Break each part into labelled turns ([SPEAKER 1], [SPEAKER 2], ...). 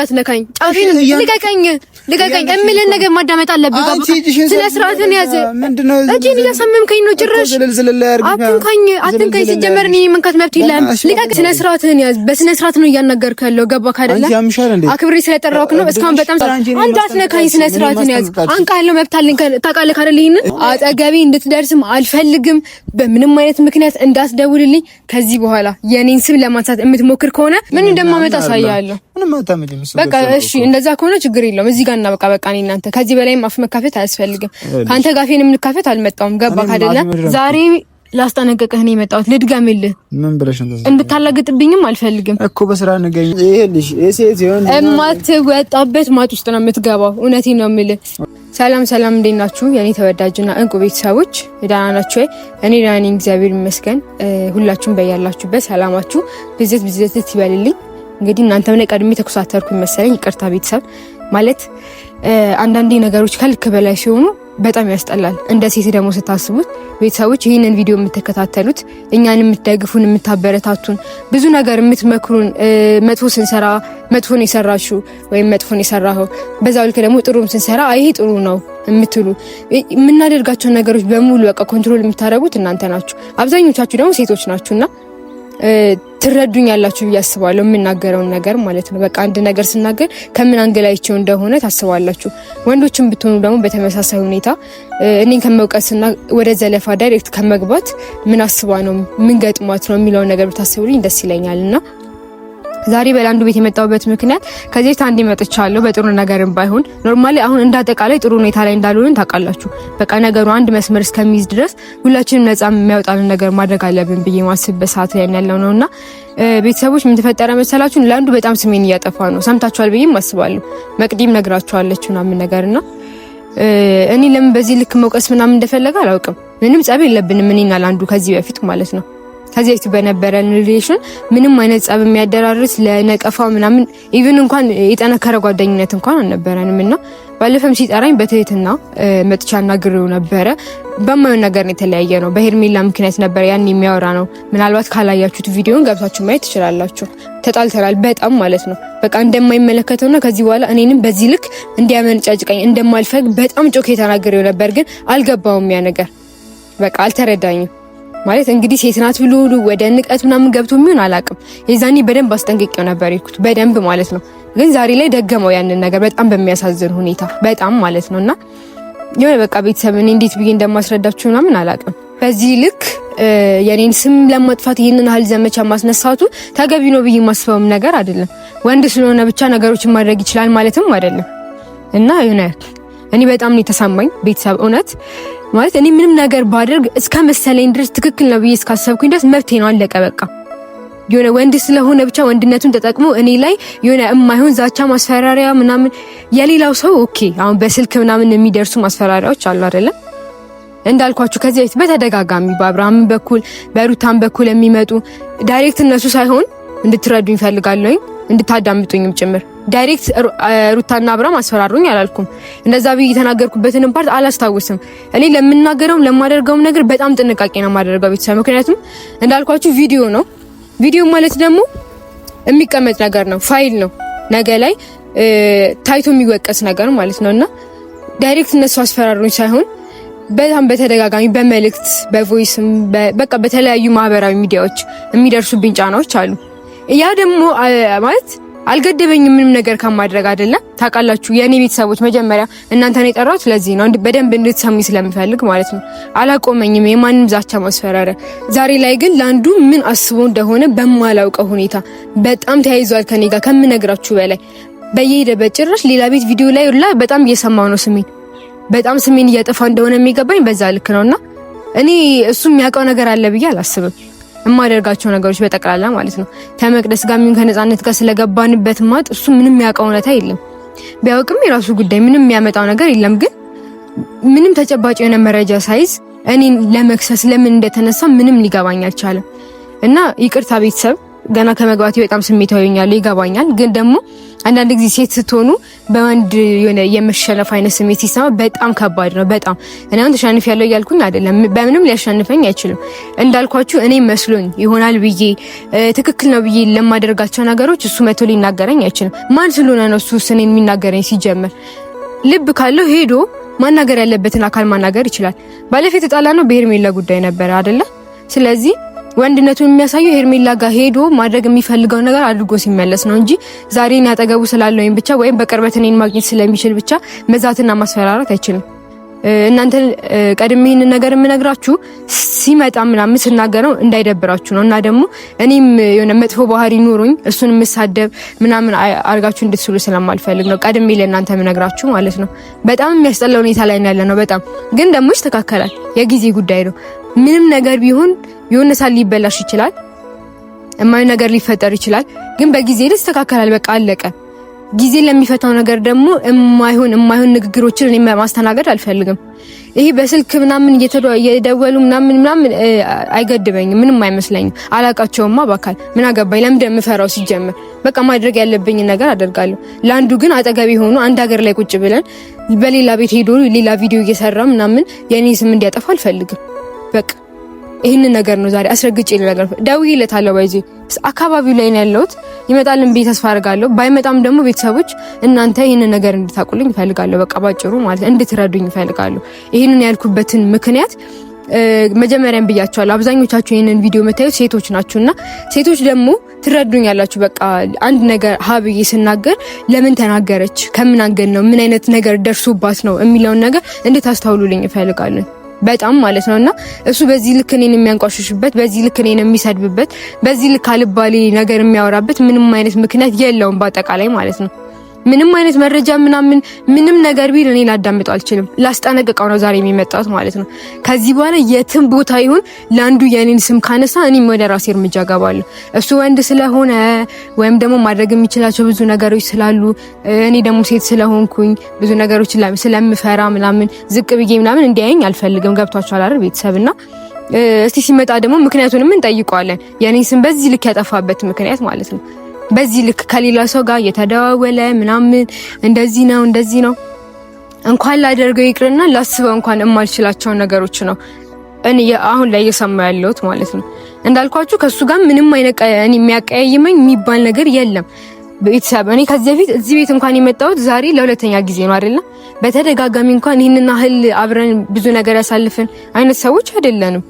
[SPEAKER 1] እንዳትነካኝ፣ ጫፊን ልቀቀኝ፣ ልቀቀኝ። እምልህን ነገር ማዳመጥ አለብህ። ስነ ስርዓትን ያዘ። እጄን እያሳመምከኝ ነው ጭራሽ። አትንካኝ፣ አትንካኝ። ሲጀመር እኔ መንካት መብት የለህም። ልቀቀኝ። ስነ ስርዓትን ያዝ። በስነ ስርዓት ነው እያናገርኩህ ያለው። ገባህ አይደለ? አክብሬ ስለጠራሁህ ነው እስካሁን በጣም እንዳትነካኝ። ስነ ስርዓትን ያዝ። አንቃለሁ፣ መብት አለኝ። ታውቃለህ ካደለ ይሄንን አጠገቤ እንድትደርስም አልፈልግም። በምንም አይነት ምክንያት እንዳትደውልልኝ ከዚህ በኋላ የኔን ስም ለማንሳት የምትሞክር ከሆነ ምን እንደማመጣ አሳያለሁ።
[SPEAKER 2] ምንም አታመጪም።
[SPEAKER 1] በቃ እሺ፣ እንደዛ ከሆነ ችግር የለውም። እዚህ ጋር እና በቃ በቃ እኔ እናንተ ከዚህ በላይ አፍ መካፈት አያስፈልግም። ከአንተ ጋር ፌን የምንካፈት አልመጣሁም። ገባ ካደለ ዛሬ ላስጠነቀቅህ ነው የመጣሁት። ልድገምልህ። ምን ብለሽ እንድታላግጥብኝም አልፈልግም
[SPEAKER 2] እኮ በስራ ነገኝ። ይሄልሽ እሴት ይሆን
[SPEAKER 1] እማትወጣበት ማጥ ውስጥ ነው የምትገባው። እውነቴን ነው የምልህ። ሰላም ሰላም፣ እንዴት ናችሁ የኔ ተወዳጅና እንቁ ቤተሰቦች? ደህና ናችሁ? እኔ ደህና ነኝ፣ እግዚአብሔር ይመስገን። ሁላችሁም በያላችሁበት ሰላማችሁ ብዝት ብዝት ይበልልኝ። እንግዲህ እናንተም ላይ ቀድሜ ተኩስ ይመሰለኝ መሰለኝ። ይቅርታ ቤተሰብ ማለት አንዳንዴ ነገሮች ከልክ በላይ ሲሆኑ በጣም ያስጠላል። እንደ ሴት ደግሞ ስታስቡት ቤተሰቦች ይህንን ቪዲዮ የምትከታተሉት እኛን የምትደግፉን፣ የምታበረታቱን፣ ብዙ ነገር የምትመክሩን መጥፎ ስንሰራ መጥፎን የሰራችሁ ወይም መጥፎን የሰራኸው በዛው ልክ ደግሞ ጥሩም ስንሰራ ይሄ ጥሩ ነው የምትሉ የምናደርጋቸውን ነገሮች በሙሉ በቃ ኮንትሮል የምታደርጉት እናንተ ናችሁ። አብዛኞቻችሁ ደግሞ ሴቶች ናችሁና ትረዱኛላችሁ ብዬ አስባለሁ። የምናገረውን ነገር ማለት ነው። በቃ አንድ ነገር ስናገር ከምን አንገላይቸው እንደሆነ ታስባላችሁ። ወንዶችም ብትሆኑ ደግሞ በተመሳሳይ ሁኔታ እኔን ከመውቀስና ወደ ዘለፋ ዳይሬክት ከመግባት ምን አስባ ነው ምን ገጥሟት ነው የሚለውን ነገር ብታስቡልኝ ደስ ይለኛል እና ዛሬ በላንዱ ቤት የመጣሁበት ምክንያት ከዚህ በፊት አንዴ መጥቻለሁ። በጥሩ ነገርም ባይሆን ኖርማሊ አሁን እንዳጠቃላይ ጥሩ ሁኔታ ላይ እንዳልሆንን ታውቃላችሁ። በቃ ነገሩ አንድ መስመር እስከሚይዝ ድረስ ሁላችንም ነጻ የሚያወጣልን ነገር ማድረግ አለብን ብዬ ማስብበት ሰዓት ላይ ያለው ነው እና ቤተሰቦች ምን ተፈጠረ መሰላችሁ? በጣም ስሜን እያጠፋ ነው። ሰምታችኋል ብዬም አስባለሁ። መቅዲም ነግራችኋለች ምናምን ነገር እና እኔ ለምን በዚህ ልክ መውቀስ ምናምን እንደፈለገ አላውቅም። ምንም ጸብ የለብንም እኔና ለአንዱ ከዚህ በፊት ማለት ነው ከዚህ በፊት በነበረን ሪሌሽን ምንም አይነት ጸብ የሚያደራርስ ለነቀፋ ምናምን ኢቭን እንኳን የጠነከረ ጓደኝነት እንኳን አልነበረንም እና ባለፈም ሲጠራኝ በትህትና መጥቻ አናግሬው ነበረ። በማየውን ነገር ነው የተለያየ ነው። በሄርሜላ ምክንያት ነበር ያን የሚያወራ ነው። ምናልባት ካላያችሁት ቪዲዮን ገብታችሁ ማየት ትችላላችሁ። ተጣልተናል በጣም ማለት ነው። በቃ እንደማይመለከተውና ከዚህ በኋላ እኔንም በዚህ ልክ እንዲያመንጫጭቀኝ እንደማልፈግ በጣም ጮኬ ተናግሬው ነበር፣ ግን አልገባውም ያ ነገር በቃ አልተረዳኝም። ማለት እንግዲህ ሴት ናት ብሎ ወደ ንቀት ምናምን ገብቶ የሚሆን አላውቅም። የዛኔ በደንብ አስጠንቅቄው ነበር የሄድኩት በደንብ ማለት ነው። ግን ዛሬ ላይ ደገመው ያንን ነገር በጣም በሚያሳዝን ሁኔታ በጣም ማለት ነው። እና የሆነ በቃ ቤተሰብ እኔ እንዴት ብዬ እንደማስረዳችሁ ምናምን አላውቅም። በዚህ ልክ የኔን ስም ለማጥፋት ይህንን ያህል ዘመቻ ማስነሳቱ ተገቢ ነው ብዬ ማስበውም ነገር አይደለም። ወንድ ስለሆነ ብቻ ነገሮችን ማድረግ ይችላል ማለትም አይደለም እና እኔ በጣም ነው የተሰማኝ ቤተሰብ እውነት ማለት እኔ ምንም ነገር ባደርግ እስከ መሰለኝ ድረስ ትክክል ነው ብዬ እስካሰብኩኝ ድረስ መብቴ ነው፣ አለቀ በቃ። የሆነ ወንድ ስለሆነ ብቻ ወንድነቱን ተጠቅሞ እኔ ላይ የሆነ የማይሆን ዛቻ፣ ማስፈራሪያ ምናምን የሌላው ሰው ኦኬ። አሁን በስልክ ምናምን የሚደርሱ ማስፈራሪያዎች አሉ አይደለም እንዳልኳችሁ ከዚህ በፊት በተደጋጋሚ በአብርሃም በኩል በሩታን በኩል የሚመጡ ዳይሬክት እነሱ ሳይሆን እንድትረዱኝ ይፈልጋለኝ እንድታዳምጡኝም ጭምር ዳይሬክት ሩታና አብራም አስፈራሩኝ አላልኩም። እንደዛ ብዬ የተናገርኩበትንም ፓርት አላስታውስም። እኔ ለምናገረውም ለማደርገውም ነገር በጣም ጥንቃቄ ነው የማደርገው ቤተሰብ። ምክንያቱም እንዳልኳችሁ ቪዲዮ ነው። ቪዲዮ ማለት ደግሞ የሚቀመጥ ነገር ነው፣ ፋይል ነው፣ ነገ ላይ ታይቶ የሚወቀስ ነገር ማለት ነው እና ዳይሬክት እነሱ አስፈራሩኝ ሳይሆን በጣም በተደጋጋሚ በመልእክት በቮይስም በቃ በተለያዩ ማህበራዊ ሚዲያዎች የሚደርሱብኝ ጫናዎች አሉ። ያ ደግሞ ማለት አልገደበኝም ምንም ነገር ከማድረግ አይደለም። ታውቃላችሁ የእኔ ቤተሰቦች መጀመሪያ እናንተን የጠራሁት ለዚህ ነው፣ በደንብ እንድትሰሚ ስለምፈልግ ማለት ነው። አላቆመኝም የማንም ዛቻ ማስፈራሪያ። ዛሬ ላይ ግን ለአንዱ ምን አስቦ እንደሆነ በማላውቀው ሁኔታ በጣም ተያይዟል ከኔ ጋር ከምነግራችሁ በላይ በየሄደ በጭራሽ ሌላ ቤት ቪዲዮ ላይ ላ በጣም እየሰማሁ ነው። ስሜን በጣም ስሜን እያጠፋ እንደሆነ የሚገባኝ በዛ ልክ ነውና እኔ እሱ የሚያውቀው ነገር አለ ብዬ አላስብም። የማደርጋቸው ነገሮች በጠቅላላ ማለት ነው። ከመቅደስ ጋር ምን ከነፃነት ጋር ስለገባንበት ማጥ እሱ ምንም ያውቀው እውነታ የለም። ቢያውቅም የራሱ ጉዳይ ምንም የሚያመጣው ነገር የለም። ግን ምንም ተጨባጭ የሆነ መረጃ ሳይዝ እኔን ለመክሰስ ለምን እንደተነሳ ምንም ሊገባኝ አልቻለም። እና ይቅርታ ቤተሰብ ገና ከመግባት በጣም ስሜታዊ ሆኛለሁ፣ ይገባኛል። ግን ደግሞ አንዳንድ ጊዜ ሴት ስትሆኑ በወንድ የሆነ የመሸነፍ አይነት ስሜት ሲሰማ በጣም ከባድ ነው። በጣም እኔ አሁን ተሸንፍ ያለው እያልኩኝ አይደለም፣ በምንም ሊያሸንፈኝ አይችልም። እንዳልኳችሁ እኔ መስሎኝ ይሆናል ብዬ ትክክል ነው ብዬ ለማደርጋቸው ነገሮች እሱ መቶ ሊናገረኝ አይችልም። ማን ስለሆነ ነው እሱ ስኔ የሚናገረኝ? ሲጀምር ልብ ካለው ሄዶ ማናገር ያለበትን አካል ማናገር ይችላል። ባለፊት የተጣላ ነው ብሄር ጉዳይ ነበር አይደለ? ስለዚህ ወንድነቱን የሚያሳየው ሄርሜላ ጋር ሄዶ ማድረግ የሚፈልገው ነገር አድርጎ ሲመለስ ነው እንጂ ዛሬን ያጠገቡ ስላለኝ ብቻ ወይም በቅርበት እኔን ማግኘት ስለሚችል ብቻ መዛትና ማስፈራራት አይችልም። እናንተ ቀድሜ ይህንን ነገር የምነግራችሁ ሲመጣ ምናምን ስናገረው እንዳይደብራችሁ ነው። እና ደግሞ እኔም የሆነ መጥፎ ባህሪ ኑሮኝ እሱን የምሳደብ ምናምን አድርጋችሁ እንድትስሉ ስለማልፈልግ ነው ቀድሜ ለእናንተ የምነግራችሁ ማለት ነው። በጣም የሚያስጠላ ሁኔታ ላይ ያለ ነው። በጣም ግን ደግሞ ይስተካከላል። የጊዜ ጉዳይ ነው። ምንም ነገር ቢሆን የሆነ ሳል ሊበላሽ ይችላል። እማዩ ነገር ሊፈጠር ይችላል። ግን በጊዜ ይስተካከላል። በቃ አለቀ። ጊዜ ለሚፈታው ነገር ደግሞ የማይሆን የማይሆን ንግግሮችን እኔ ማስተናገድ አልፈልግም። ይሄ በስልክ ምናምን እየደወሉ ምናምን ምናምን አይገድበኝም፣ ምንም አይመስለኝም። አላቃቸውማ በአካል ምን አገባኝ? ለምን እንደምፈራው ሲጀምር፣ በቃ ማድረግ ያለብኝ ነገር አደርጋለሁ። ለአንዱ ግን አጠገቢ ሆኖ አንድ ሀገር ላይ ቁጭ ብለን በሌላ ቤት ሄዶ ሌላ ቪዲዮ እየሰራ ምናምን የእኔ ስም እንዲያጠፋ አልፈልግም። በቃ ይህንን ነገር ነው ዛሬ አስረግጬ ልነገር። ደውዬለታለሁ። ባይዚ አካባቢው ላይ ነው ያለሁት። ይመጣልን ብዬ ተስፋ አድርጋለሁ። ባይመጣም ደግሞ ቤተሰቦች እናንተ ይህንን ነገር እንድታቁልኝ ይፈልጋለሁ በቃ ባጭሩ ማለት እንድትረዱኝ ይፈልጋለሁ። ይህንን ያልኩበትን ምክንያት መጀመሪያም ብያቸዋለሁ። አብዛኞቻችሁ ይህንን ቪዲዮ የምታዩት ሴቶች ናችሁና ሴቶች ደግሞ ትረዱኝ ያላችሁ በቃ አንድ ነገር ሀብዬ ስናገር ለምን ተናገረች፣ ከምን ነው፣ ምን አይነት ነገር ደርሶባት ነው የሚለውን ነገር እንድታስታውሉልኝ ይፈልጋለን። በጣም ማለት ነው። እና እሱ በዚህ ልክ እኔን የሚያንቋሽሽበት፣ በዚህ ልክ እኔን የሚሰድብበት፣ በዚህ ልክ አልባሌ ነገር የሚያወራበት ምንም አይነት ምክንያት የለውም በአጠቃላይ ማለት ነው። ምንም አይነት መረጃ ምናምን ምንም ነገር ቢል እኔ ላዳምጠው አልችልም። ላስጠነቅቀው ነው ዛሬ የሚመጣት ማለት ነው። ከዚህ በኋላ የትም ቦታ ይሁን ለአንዱ የኔን ስም ካነሳ እኔም ወደ ራሴ እርምጃ ገባለሁ። እሱ ወንድ ስለሆነ ወይም ደግሞ ማድረግ የሚችላቸው ብዙ ነገሮች ስላሉ እኔ ደግሞ ሴት ስለሆንኩኝ ብዙ ነገሮች ስለምፈራ ምናምን ዝቅ ብዬ ምናምን እንዲያየኝ አልፈልግም። ገብቷችኋል አይደል ቤተሰብና እስቲ ሲመጣ ደግሞ ምክንያቱንም እንጠይቀዋለን። የኔን ስም በዚህ ልክ ያጠፋበት ምክንያት ማለት ነው። በዚህ ልክ ከሌላ ሰው ጋር እየተደዋወለ ምናምን እንደዚህ ነው እንደዚህ ነው እንኳን ላደርገው ይቅርና ላስበው እንኳን የማልችላቸው ነገሮች ነው እኔ አሁን ላይ እየሰማ ያለሁት ማለት ነው። እንዳልኳችሁ ከሱ ጋር ምንም አይነት እኔ የሚያቀያይመኝ የሚባል ነገር የለም። ቤተሰብ እኔ ከዚህ በፊት እዚህ ቤት እንኳን የመጣሁት ዛሬ ለሁለተኛ ጊዜ ነው አይደለ? በተደጋጋሚ እንኳን ይህንን ያህል አብረን ብዙ ነገር ያሳልፍን አይነት ሰዎች አይደለንም።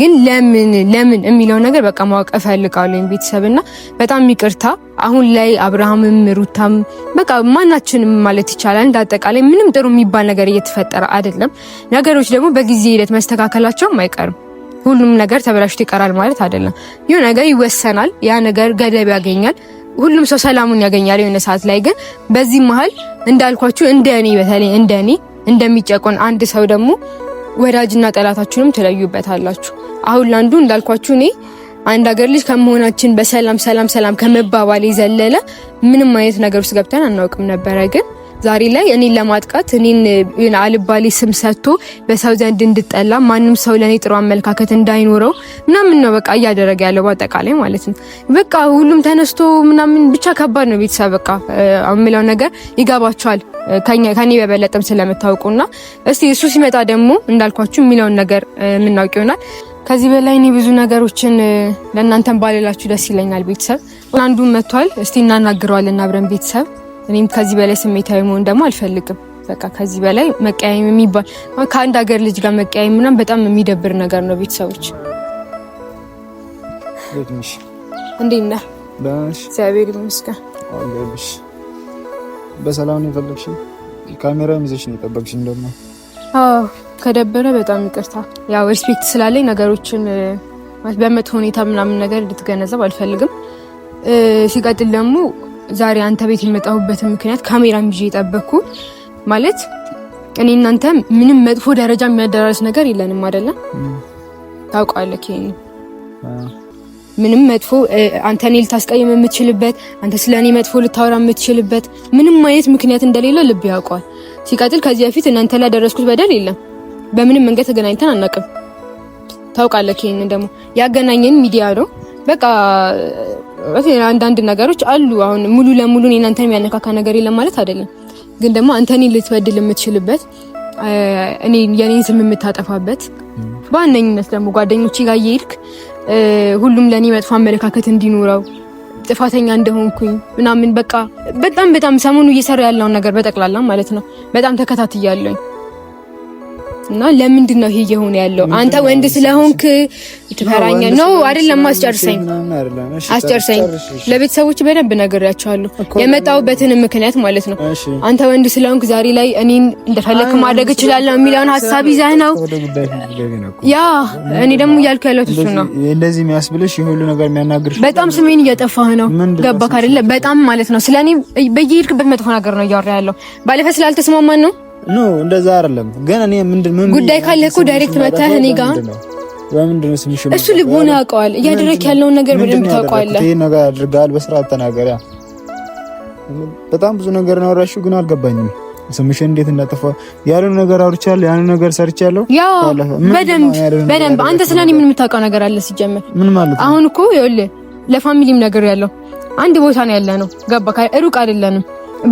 [SPEAKER 1] ግን ለምን ለምን የሚለው ነገር በቃ ማወቅ እፈልጋለሁ ቤተሰብና፣ በጣም ይቅርታ። አሁን ላይ አብርሃምም ሩታም በቃ ማናችንም ማለት ይቻላል እንዳጠቃላይ ምንም ጥሩ የሚባል ነገር እየተፈጠረ አይደለም። ነገሮች ደግሞ በጊዜ ሂደት መስተካከላቸውም አይቀርም። ሁሉም ነገር ተበላሽቶ ይቀራል ማለት አይደለም። ይህ ነገር ይወሰናል፣ ያ ነገር ገደብ ያገኛል። ሁሉም ሰው ሰላሙን ያገኛል የሆነ ሰዓት ላይ። ግን በዚህ መሀል እንዳልኳችሁ እንደ እኔ በተለይ እንደ እኔ እንደሚጨቆን አንድ ሰው ደግሞ ወዳጅና ጠላታችሁንም ትለዩበታላችሁ። አሁን ላንዱ እንዳልኳችሁ እኔ አንድ ሀገር ልጅ ከመሆናችን በሰላም ሰላም ሰላም ከመባባል የዘለለ ምንም አይነት ነገር ውስጥ ገብተን አናውቅም ነበረ ግን ዛሬ ላይ እኔን ለማጥቃት እኔን አልባሌ ስም ሰጥቶ በሰው ዘንድ እንድጠላ ማንም ሰው ለእኔ ጥሩ አመለካከት እንዳይኖረው ምናምን ነው በቃ እያደረገ ያለው በአጠቃላይ ማለት ነው። በቃ ሁሉም ተነስቶ ምናምን ብቻ ከባድ ነው። ቤተሰብ በቃ የምለው ነገር ይገባቸዋል። ከኔ በበለጠም ስለምታውቁና እስቲ እሱ ሲመጣ ደግሞ እንዳልኳችሁ የሚለውን ነገር የምናውቅ ይሆናል። ከዚህ በላይ እኔ ብዙ ነገሮችን ለእናንተን ባልላችሁ ደስ ይለኛል። ቤተሰብ አንዱ መጥቷል፣ እስቲ እናናግረዋለን አብረን ቤተሰብ። እኔም ከዚህ በላይ ስሜታዊ መሆን ደግሞ አልፈልግም። በቃ ከዚህ በላይ መቀያየም የሚባል ከአንድ ሀገር ልጅ ጋር መቀያየም ምናምን በጣም የሚደብር ነገር ነው። ቤተሰቦች እንዴት ነህ? እግዚአብሔር ይመስገን።
[SPEAKER 2] በሰላም ነው የጠበቅሽኝ። ካሜራ ይዘሽ ነው የጠበቅሽኝ ደግሞ
[SPEAKER 1] ከደበረ በጣም ይቅርታ። ያው ሪስፔክት ስላለኝ ነገሮችን በመጥፎ ሁኔታ ምናምን ነገር እንድትገነዘብ አልፈልግም። ሲቀጥል ደግሞ ዛሬ አንተ ቤት የመጣሁበትን ምክንያት ካሜራም ይዤ የጠበቅኩ ማለት እኔ እናንተ ምንም መጥፎ ደረጃ የሚያደራርስ ነገር የለንም አይደለም። ታውቃለህ ምንም መጥፎ አንተ እኔ ልታስቀይም የምትችልበት አንተ ስለ እኔ መጥፎ ልታወራ የምትችልበት ምንም አይነት ምክንያት እንደሌለ ልብ ያውቀዋል። ሲቀጥል ከዚህ በፊት እናንተ ላይ ያደረስኩት በደል የለም። በምንም መንገድ ተገናኝተን አናውቅም። ታውቃለህ፣ ይሄንን ደግሞ ያገናኘን ሚዲያ ነው። በቃ አንዳንድ ነገሮች አሉ። አሁን ሙሉ ለሙሉ እኔና አንተን የሚያነካካ ነገር የለም ማለት አይደለም፣ ግን ደግሞ አንተ እኔን ልትበድል የምትችልበት እኔ የኔን ስም የምታጠፋበት በዋነኝነት ደግሞ ጓደኞቼ ጋር እየሄድክ ሁሉም ለእኔ መጥፎ አመለካከት እንዲኖረው ጥፋተኛ እንደሆንኩኝ ምናምን በቃ በጣም በጣም ሰሞኑ እየሰራ ያለውን ነገር በጠቅላላ ማለት ነው በጣም ተከታትያለሁኝ። እና ለምንድን ነው ይሄ እየሆነ ያለው? አንተ ወንድ ስለሆንክ ትፈራኛ ነው አይደለም? አስጨርሰኝ፣ አስጨርሰኝ። ለቤተሰቦች በደንብ ነግሬያቸዋለሁ፣ የመጣሁበትን ምክንያት ማለት ነው። አንተ ወንድ ስለሆንክ ዛሬ ላይ እኔን እንደፈለክ ማድረግ እችላለሁ የሚለውን ሀሳብ ይዘህ ነው ያ። እኔ ደግሞ እያልኩ ያለሁት እሱ ነው።
[SPEAKER 2] እንደዚህ የሚያስብልሽ የሁሉ ነገር የሚያናግርሽ
[SPEAKER 1] በጣም ስሜን እየጠፋህ ነው። ገባክ አይደለ? በጣም ማለት ነው። ስለኔ በየሄድክበት መጥፎ ነገር ነው እያወራ ያለው። ባለፈ ስላልተስማማን ነው
[SPEAKER 2] ኖ እንደዛ አይደለም። ግን እኔ ምንድን
[SPEAKER 1] ምን ጉዳይ ካለ እኮ ዳይሬክት መጣህ እኔ ጋር
[SPEAKER 2] በምንድን ነው ስምሽ?
[SPEAKER 1] እሱ ልቦና ያውቀዋል። እያደረክ ያለውን ነገር በደንብ ታውቀዋለህ።
[SPEAKER 2] ይሄ ነገር አድርጋል። በስርዓት ተናገሪያ። በጣም ብዙ ነገር ነው ያወራሽው፣ ግን አልገባኝም። ስምሽ እንዴት እንዳጠፋ ያለው ነገር አውርቻለሁ፣ ያሉን ነገር ሰርቻለሁ።
[SPEAKER 1] ያው በደንብ በደንብ አንተ ስለኔ ምን የምታውቀው ነገር አለ ሲጀመር? ምን ማለት አሁን እኮ ይኸውልህ ለፋሚሊም ነገር ያለው አንድ ቦታ ነው ያለ ነው። ገባ? ሩቅ አይደለንም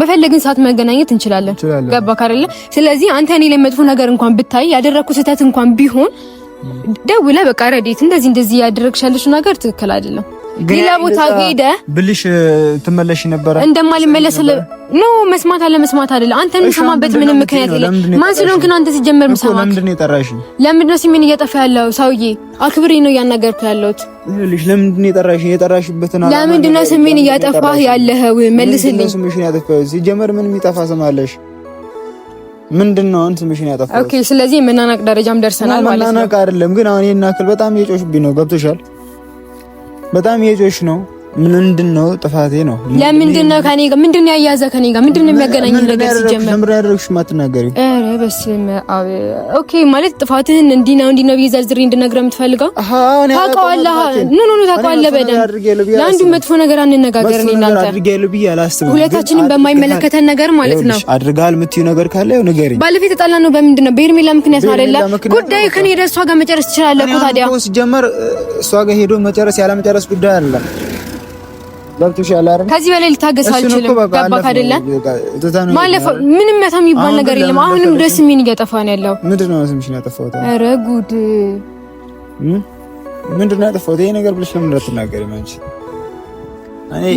[SPEAKER 1] በፈለግን ሰዓት መገናኘት እንችላለን። ገባ ካደለ ስለዚህ አንተ እኔ ላይ መጥፎ ነገር እንኳን ብታይ ያደረግኩ ስህተት እንኳን ቢሆን ደውለህ በቃ ረዴት እንደዚህ እንደዚህ ያደረግሻለሽ ነገር ትክክል አይደለም ሌላ ቦታ ሄደ
[SPEAKER 2] ብልሽ ትመለሽ ነበረ።
[SPEAKER 1] እንደማልመለስ ኖ መስማት አለ መስማት አይደለ። አንተ የምሰማበት ምንም ምክንያት የለም። ማን ስለሆንክ ነው አንተ ሲጀመር የምሰማህ?
[SPEAKER 2] ለምንድን ነው የጠራሽኝ?
[SPEAKER 1] ለምንድን ነው ሲምን እየጠፋ ያለው ሰውዬ? አክብሬ ነው እያናገርኩ ያለሁት።
[SPEAKER 2] ይኸውልሽ፣ ለምንድን ነው የጠራሽኝ? የጠራሽበትን
[SPEAKER 1] አላማ ለምንድን ነው ስሜን እያጠፋህ ያለኸው? መልስልኝ።
[SPEAKER 2] ስምሽን ያጠፋኸው ሲጀመር ምን የሚጠፋ ስም አለሽ? ምንድን ነው አሁን ስምሽን ያጠፋኸው?
[SPEAKER 1] ኦኬ፣ ስለዚህ መናናቅ ደረጃም ደርሰናል
[SPEAKER 2] ማለት ነው። መናናቅ አይደለም ግን አሁን ይሄን አክል በጣም እየጮሽብኝ ነው። ገብቶሻል? በጣም እየጮሽ ነው ምንድን ነው ጥፋቴ? ነው
[SPEAKER 1] ለምንድን ነው ከኔ ጋር ምንድን ነው ያያዘ ከኔ ጋር ምንድን ነው የሚያገናኝ
[SPEAKER 2] ነገር ሲጀምር ምን ያደረግሽ ማትናገሪ?
[SPEAKER 1] አረ በስመ አብ። ኦኬ ማለት ጥፋትህን እንዲህ ነው እንዲህ ነው ብዬ ዘርዝሬ እንድነግረህ የምትፈልገው? ታውቀዋለህ። ኑ ኑ ኖ ታውቀዋለህ በደንብ። ለአንዱ መጥፎ ነገር አንነጋገር። እኔ እናንተ ሁለታችንም በማይመለከተን ነገር ማለት ነው
[SPEAKER 2] አድርጋል የምትይው ነገር ካለ ያው ንገሪኝ።
[SPEAKER 1] ባለፈው የተጣላነው በምንድን ነው? በሄርሜላ ምክንያት ነው አይደለ? ጉዳዩ ከኔ ሄደህ እሷ ጋር መጨረስ ትችላለህ እኮ ታዲያ።
[SPEAKER 2] ሲጀመር እሷ ጋር ሄዶ መጨረስ መጨረስ ጉዳይ አይደለም። ገብቶሻል አይደል?
[SPEAKER 1] ከዚህ በላይ ልታገስ አልችልም። ማለፈ ምንም መታም የሚባል ነገር የለም። አሁንም ደስ የሚል እያጠፋ ነው ያለው።
[SPEAKER 2] ምንድን ነው ስምሽን ያጠፋሁት?
[SPEAKER 1] ኧረ ጉድ!
[SPEAKER 2] ምንድን ነው ያጠፋሁት? ይሄ ነገር ብለሽ ለምን እንዳትናገሪ ማንቺ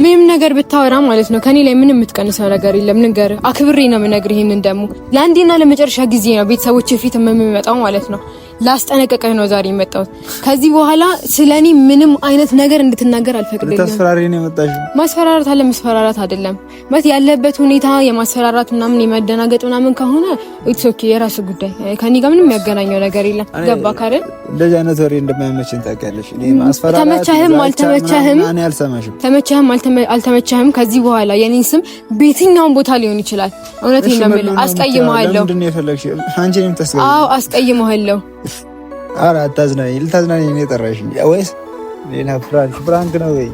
[SPEAKER 1] ምንም ነገር ብታወራ ማለት ነው ከኔ ላይ ምንም የምትቀንሰው ነገር የለም። ንገር አክብሬ ነው የምነግር። ይሄንን ደግሞ ለአንዴና ለመጨረሻ ጊዜ ነው ቤተሰቦች ፊት የምመጣው ማለት ነው። ላስጠነቀቀኝ ነው ዛሬ የመጣሁት። ከዚህ በኋላ ስለ እኔ ምንም አይነት ነገር እንድትናገር አልፈቅድልም።
[SPEAKER 2] ልታስፈራሪ ነው የመጣሽው?
[SPEAKER 1] ማስፈራራት አለ መስፈራራት አይደለም ማለት ያለበት ሁኔታ የማስፈራራት ምናምን የመደናገጥ ምናምን ከሆነ ኢትስ ኦኬ፣ የራሱ ጉዳይ ከኔ ጋር ምንም ያገናኘው ነገር የለም። ገባ ካረን
[SPEAKER 2] እንደዚህ አይነት ወሬ እንደማይመቸኝ ታውቂያለሽ።
[SPEAKER 1] እኔ ማስፈራራት ተመቻህም አልተመቻህም
[SPEAKER 2] እኔ አልሰማሽም።
[SPEAKER 1] ተመቸህም አልተመቸህም ከዚህ በኋላ የኔን ስም በየትኛውም ቦታ ሊሆን ይችላል። እውነቴን ነው የምልህ። አስቀይመሃለሁ።
[SPEAKER 2] ምንድን ነው የፈለግሽው? አንቺ እኔም
[SPEAKER 1] ተስቀይመሃለሁ።
[SPEAKER 2] ኧረ አታዝናኝ። ልታዝናኝ ነው የጠራሽኝ ወይስ ሌላ ፕራንክ? ፕራንክ ነው ወይ?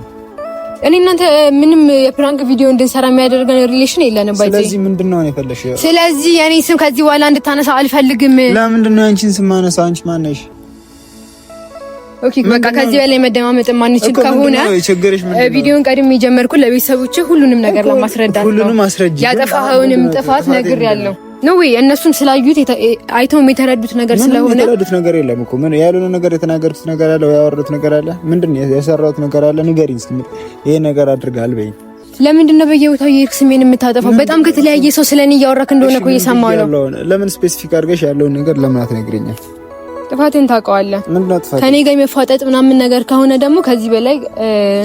[SPEAKER 1] እኔ እናንተ ምንም የፕራንክ ቪዲዮ እንድንሰራ የሚያደርገን ሪሌሽን የለንም። ባይ ስለዚህ
[SPEAKER 2] ምንድነው የፈለግሽው?
[SPEAKER 1] ስለዚህ የኔ ስም ከዚህ በኋላ እንድታነሳ አልፈልግም።
[SPEAKER 2] ለምንድን ነው አንቺን ስም ማነሳ? አንቺ ማን
[SPEAKER 1] ኦኬ በቃ ከዚህ በላይ መደማመጥ ማንችል ከሆነ ቪዲዮን ቀድሜ የጀመርኩት ለቤተሰቦቼ ሁሉንም ነገር ለማስረዳት ነው።
[SPEAKER 2] ሁሉንም አስረጅ።
[SPEAKER 1] ያጠፋኸውንም ጥፋት ነግሬያለሁ። ነው ወይ? እነሱም ስላዩት አይተውም የተረዱት ነገር ስለሆነ
[SPEAKER 2] የተረዱት ነገር የለም እኮ ምን ያልሆነ ነገር የተናገሩት ነገር አለ ያወሩት ነገር አለ? ምንድን ነው የሰራሁት ነገር አለ? ንገሪኝ እስኪ ይሄ ነገር አድርጋል በይ።
[SPEAKER 1] ለምንድን ነው በየቦታው የሄድክ ስሜን የምታጠፋው? በጣም ከተለያየ ሰው ስለኔ እያወራክ እንደሆነ እኮ እየሰማሁ ነው።
[SPEAKER 2] ለምን ስፔሲፊክ አድርገሽ ያለውን ነገር ለምን አትነግሪኛል?
[SPEAKER 1] ጥፋቴን ታውቀዋለህ። ከኔ ጋር የመፋጠጥ ምናምን ነገር ከሆነ ደግሞ ከዚህ በላይ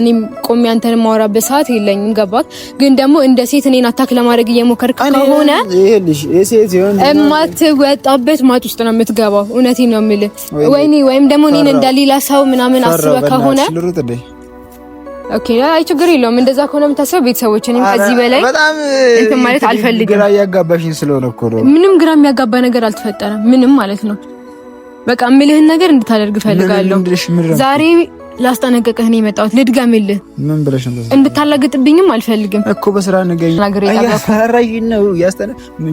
[SPEAKER 1] እኔም ቆሜ አንተን የማወራበት ሰዓት የለኝም። ገባክ? ግን ደግሞ እንደ ሴት እኔን አታክ ለማድረግ እየሞከርክ ከሆነ የማትወጣበት ማጥ ውስጥ ነው የምትገባው። እውነቴን ነው የምልህ። ወይኔ ወይም ደግሞ እኔን እንደሌላ ሰው ምናምን አስበህ ከሆነ ኦኬ፣ አይ ችግር የለውም። እንደዛ ከሆነ የምታስበው ቤተሰቦችንም ከዚህ በላይ እንትን ማለት አልፈልግም።
[SPEAKER 2] ግራ እያጋባሽኝ ስለሆነ እኮ ነው።
[SPEAKER 1] ምንም ግራ የሚያጋባ ነገር አልተፈጠረም። ምንም ማለት ነው በቃ የምልህን ነገር እንድታደርግ ፈልጋለሁ። ዛሬ ላስጠነቀቅህ ነው የመጣሁት። ልድገምልህ። ምን ብለሽ ነው? እንድታላግጥብኝም አልፈልግም
[SPEAKER 2] እኮ በስራ ነገር እያስፈራኝ ነው።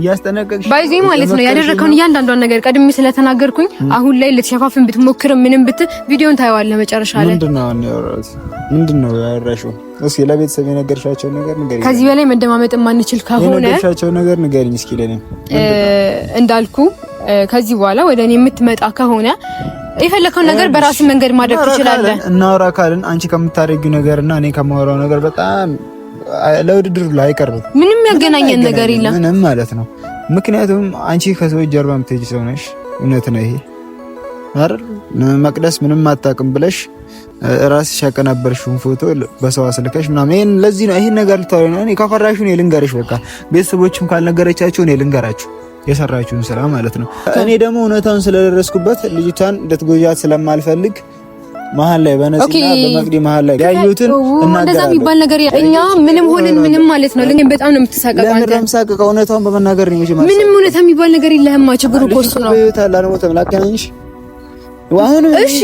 [SPEAKER 2] ያስጠነቀቅሽ
[SPEAKER 1] ባይዜ ማለት ነው። ያደረከውን እያንዳንዷን ነገር ቀድሜ ስለተናገርኩኝ አሁን ላይ ልትሸፋፍን ብትሞክር ምንም ብት ቪዲዮን ታየዋለህ መጨረሻ
[SPEAKER 2] ላይ። ምንድን ነው ያወራሽው? እስኪ ለቤተሰብ የነገርሻቸው ነገር ንገሪኝ።
[SPEAKER 1] ከዚህ በላይ መደማመጥ የማንችል ከሆነ
[SPEAKER 2] የነገርሻቸው ነገር ንገሪኝ እስኪ ለኔ
[SPEAKER 1] እንዳልኩ ከዚህ በኋላ ወደ እኔ የምትመጣ ከሆነ የፈለከውን ነገር በራስ መንገድ ማድረግ ትችላለህ።
[SPEAKER 2] እናወራ ካልን አንቺ ከምታደርጊው ነገርና እኔ ከማወራው ነገር በጣም ለውድድር ላይ አይቀርብም።
[SPEAKER 1] ምንም ያገናኘን ነገር የለም።
[SPEAKER 2] ምንም ማለት ነው። ምክንያቱም አንቺ ከሰዎች ጀርባ የምትሄጂ ሰው ነሽ። እውነት ነው ይሄ አይደል? መቅደስ ምንም አታውቅም ብለሽ ራስሽ ያቀናበርሽውን ፎቶ በሰው አስልከሽ ምናምን ይሄን ለዚህ ነው ይሄን ነገር ልታወሪ ነው። እኔ ከፈራሽ እኔ ልንገርሽ፣ በቃ ቤተሰቦችም ካልነገረቻቸው እኔ ልንገራችሁ የሰራችሁን ስራ ማለት ነው። እኔ ደግሞ እውነታውን ስለደረስኩበት ልጅቷን ልትጎጃት ስለማልፈልግ መሀል ላይ በነፂና በመቅዲ መሀል ላይ ያዩትን
[SPEAKER 1] እንደዛ የሚባል ነገር እኛ ምንም ሆንን ምንም ማለት ነው። ለኔም በጣም ነው የምትሳቀቀው
[SPEAKER 2] አንተ። ለምን የምትሳቀቀው? እውነታውን በመናገር ነው እንጂ
[SPEAKER 1] ምንም እውነታ የሚባል ነገር የለህማ። ችግሩ እኮ እሱ ነው።
[SPEAKER 2] ይወታላ ነው ተመላከነሽ
[SPEAKER 1] እሺ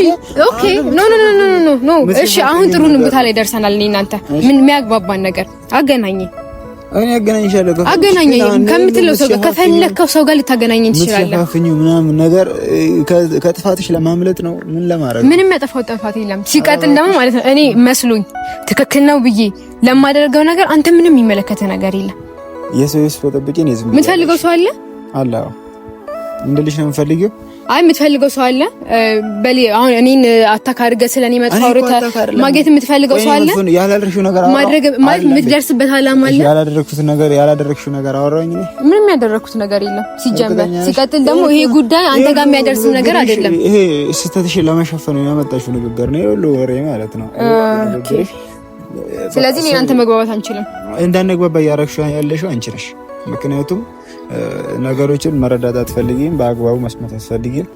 [SPEAKER 1] ኦኬ፣ ኖ ኖ ኖ ኖ ኖ። እሺ አሁን ጥሩ ቦታ ላይ ደርሰናል። እኔ እናንተ ምን የሚያግባባን ነገር አገናኘ
[SPEAKER 2] እኔ አገናኝሻለሁ
[SPEAKER 1] አገናኘኝ ከምትለው ሰው ጋር ከፈለከው ሰው ጋር ልታገናኘኝ ትችላለህ።
[SPEAKER 2] ምትሸፋፍኝው ምናምን ነገር ከጥፋትሽ ለማምለጥ ነው። ምን ለማድረግ
[SPEAKER 1] ምንም ያጠፋው ጥፋት የለም። ሲቀጥል ደግሞ ማለት ነው እኔ መስሎኝ ትክክል ነው ብዬ ለማደርገው ነገር አንተ ምንም የሚመለከተ ነገር የለም።
[SPEAKER 2] የሰው ይስፈጠብኝ ነው።
[SPEAKER 1] የምትፈልገው ሰው አለ
[SPEAKER 2] አለ እንድልሽ ነው የምፈልገው
[SPEAKER 1] አይ የምትፈልገው ሰው አለ። በሌ አሁን እኔን አታክ አድርገህ ስለኔ መጥፎ አውርተህ ማግኘት የምትፈልገው ሰው አለ።
[SPEAKER 2] ያላደረግሽው ነገር
[SPEAKER 1] ማድረግ ማለት የምትደርስበት አላማ አለ።
[SPEAKER 2] ያላደረግኩት ነገር ያላደረግሽው ነገር አወራኝ።
[SPEAKER 1] ምንም ያደረግኩት ነገር የለም ሲጀመር። ሲቀጥል ደግሞ ይሄ ጉዳይ አንተ ጋር የሚያደርስ ነገር አይደለም።
[SPEAKER 2] ይሄ ስህተትሽን ለመሸፈን ያመጣሽው ንግግር ነው፣ ሁሉ ወሬ ማለት ነው።
[SPEAKER 1] ስለዚህ እኔ አንተ መግባባት አንችልም።
[SPEAKER 2] እንዳንግባባ እያደረግሽው ያለሽው አንቺ ነሽ። ምክንያቱም ነገሮችን መረዳት አትፈልጊም፣ በአግባቡ መስማት አትፈልጊም።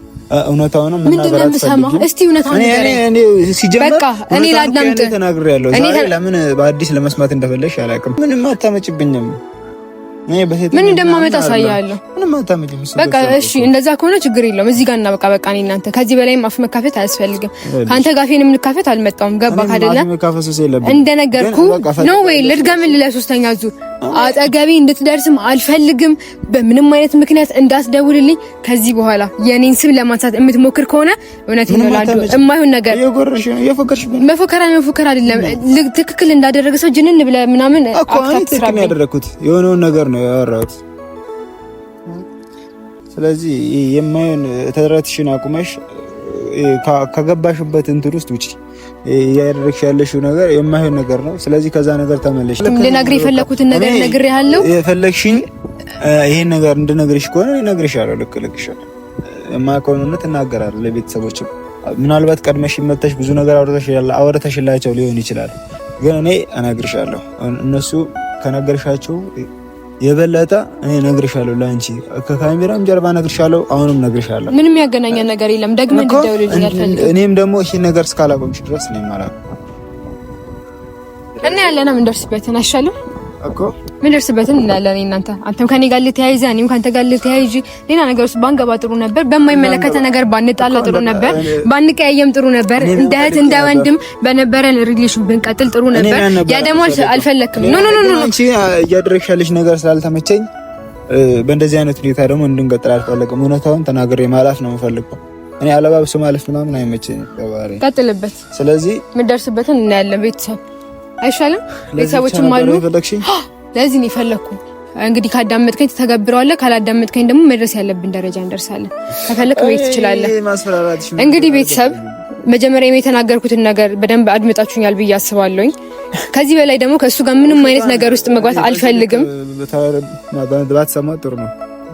[SPEAKER 2] እውነታውንም ምንድን
[SPEAKER 1] ነው የምሰማው? እስቲ እውነታውን
[SPEAKER 2] ተናግሬያለሁ። ለምን በአዲስ ለመስማት እንደፈለግሽ አላውቅም። ምንም አታመጭብኝም።
[SPEAKER 1] ምን እንደማመጣ አሳያለሁ። በቃ እሺ፣ እንደዛ ከሆነ ችግር የለውም። እዚህ ጋር እና በቃ በቃ እኔ እናንተ ከዚህ በላይ አፍ መካፈት አያስፈልግም። ከአንተ ጋር ፌንም ልካፈት አልመጣሁም። ገባ ካደለ እንደነገርኩ ነው ወይ ልድገምን ለሶስተኛ ዙር አጠገቤ እንድትደርስም አልፈልግም። በምንም አይነት ምክንያት እንዳትደውልልኝ። ከዚህ በኋላ የኔን ስም ለማንሳት የምትሞክር ከሆነ እውነት ይኖራሉ። የማይሆን ነገር መፎከራ መፎከራ አይደለም። ትክክል እንዳደረገ ሰው ጅንን ብለ ምናምን
[SPEAKER 2] ትክክል ያደረግኩት የሆነውን ነገር ነው ያወራሁት። ስለዚህ የማይሆን ተረትሽን አቁመሽ ከገባሽበት እንትን ውስጥ ውጪ። እያደረግሽ ያለሽው ነገር የማይሆን ነገር ነው። ስለዚህ ከዛ ነገር ተመለሽ።
[SPEAKER 1] ልነግርህ የፈለኩትን ነገር ነግሬሃለሁ።
[SPEAKER 2] የፈለግሽኝ ይሄን ነገር እንድነግርሽ ከሆነ እነግርሻለሁ። ልክ ልክሻለሁ። የማይሆኑን እናገራለሁ ለቤተሰቦችም። ምናልባት ቀድመሽ መተሽ ብዙ ነገር አውርተሽላቸው ሊሆን ይችላል፣ ግን እኔ እነግርሻለሁ እነሱ ከነገርሻቸው የበለጠ እኔ እነግርሻለሁ፣ ለአንቺ ከካሜራም ጀርባ እነግርሻለሁ፣ አሁንም እነግርሻለሁ።
[SPEAKER 1] ምንም ያገናኘ ነገር የለም። ደግሞ
[SPEAKER 2] እኔም ደግሞ ይሄ ነገር እስካላቆምሽ ድረስ እኔም አላውቅም
[SPEAKER 1] እና ያለና ምንደርስበትን አይሻልም
[SPEAKER 2] እኮ ምን እርስበትን እንላለን። እናንተ አንተም ከኔ ጋር ልትያይዘ እኔም ከአንተ ጋር ልትያይዥ ሌላ ነገር ውስጥ ባንገባ ጥሩ ነበር። በማይመለከተ ነገር ባንጣላ ጥሩ ነበር። ባንቀያየም ጥሩ ነበር። እንደ እህት እንደ ወንድም በነበረን ሪሌሽን ብንቀጥል ጥሩ ነበር። ያ ደግሞ አልፈለክም። ኖ ኖ ኖ ኖ አንቺ እያደረግሽ ያለሽ ነገር ስላልተመቸኝ በእንደዚህ አይነት ሁኔታ ደግሞ እንድንቀጥል አልፈለግም። እውነታውን ተናግሬ ማላፍ ነው የምፈልገው። እኔ አለባብሶ ማለፍ ምናምን አይመቸኝም። ቀጥልበት። ስለዚህ የምደርስበትን እናያለን ቤተሰብ አይሻልም? ቤተሰቦችም አሉ። ለዚህ ነው የፈለግኩ። እንግዲህ ካዳመጥከኝ ትተገብረዋለህ፣ ካላዳመጥከኝ ደግሞ መድረስ ያለብን ደረጃ እንደርሳለን። ከፈለክ ቤት ትችላለህ። እንግዲህ ቤተሰብ መጀመሪያ የተናገርኩትን ነገር በደንብ አድምጣችሁኛል ብዬ አስባለሁኝ። ከዚህ በላይ ደግሞ ከእሱ ጋር ምንም አይነት ነገር ውስጥ መግባት አልፈልግም። ባትሰማ ጥሩ ነው።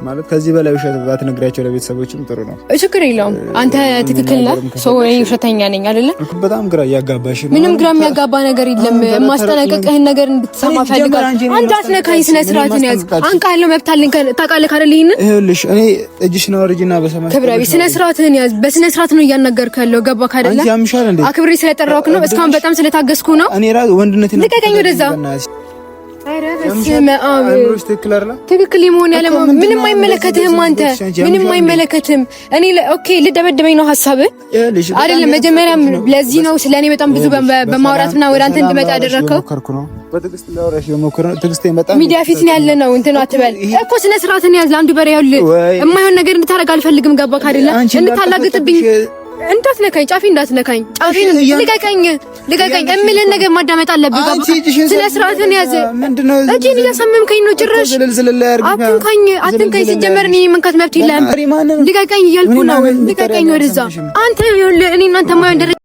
[SPEAKER 2] ማለት ከዚህ በላይ ውሸት ባትነግራቸው ለቤተሰቦችም ጥሩ ነው። ችግር የለውም። አንተ ትክክል ነህ። ሰው ውሸተኛ ነኝ አይደለ? በጣም ግራ እያጋባሽ። ምንም ግራ የሚያጋባ ነገር የለም። የማስጠነቀቅህን ነገር እንድትሰማ ፈልጋለሁ። አንድ አትነካኝ። ስነ ስርዓትን ያዝ። አንቃለሁ። መብት አለኝ። ታውቃለህ አይደል? ይሄንን ይኸውልሽ፣ እኔ እጅሽን አውርጂና በሰማሽ ክብረ ቢስ ስነ ስርዓትህን ያዝ። በስነ ስርዓት ነው እያናገርክ ያለው። ገባ አይደለ? አክብሬ ስለጠራሁህ ነው። እስካሁን በጣም ስለታገስኩህ ነው። ወንድነት ልቀቀኝ ወደዛ ትክክል የመሆን ያለ ምንም አይመለከትህም። አንተ ምንም አይመለከትህም። እኔ ኦኬ ልደበድበኝ ነው ሀሳብ አይደለም። መጀመሪያም ለዚህ ነው ስለእኔ በጣም ብዙ በማውራት ምናምን ወደ አንተ እንድመጣ ያደረግከው። ሚዲያ ፊት ነው ያለ ነው እንትን አትበል እኮ ስነ ስርዓትን ያዝ። አንዱ በሬ ያውል የማይሆን ነገር እንድታደርግ አልፈልግም። ገባክ አይደለም? እንድታላግጥብኝ እንዳትነካኝ፣ ጫፌ እንዳትነካኝ፣ ጫፌ ልቀቀኝ፣ ልቀቀኝ። እምልህን ነገር ማዳመጥ አለብህ። ስነ ስርዓትን ያዘ። እጄን እያሳመምከኝ ነው ጭራሽ። አትንካኝ፣ አትንካኝ። ሲጀመር እኔ መንካት መብት የለም። ልቀቀኝ እያልኩ ነው። ልቀቀኝ ወደዛ አንተ እኔ እናንተ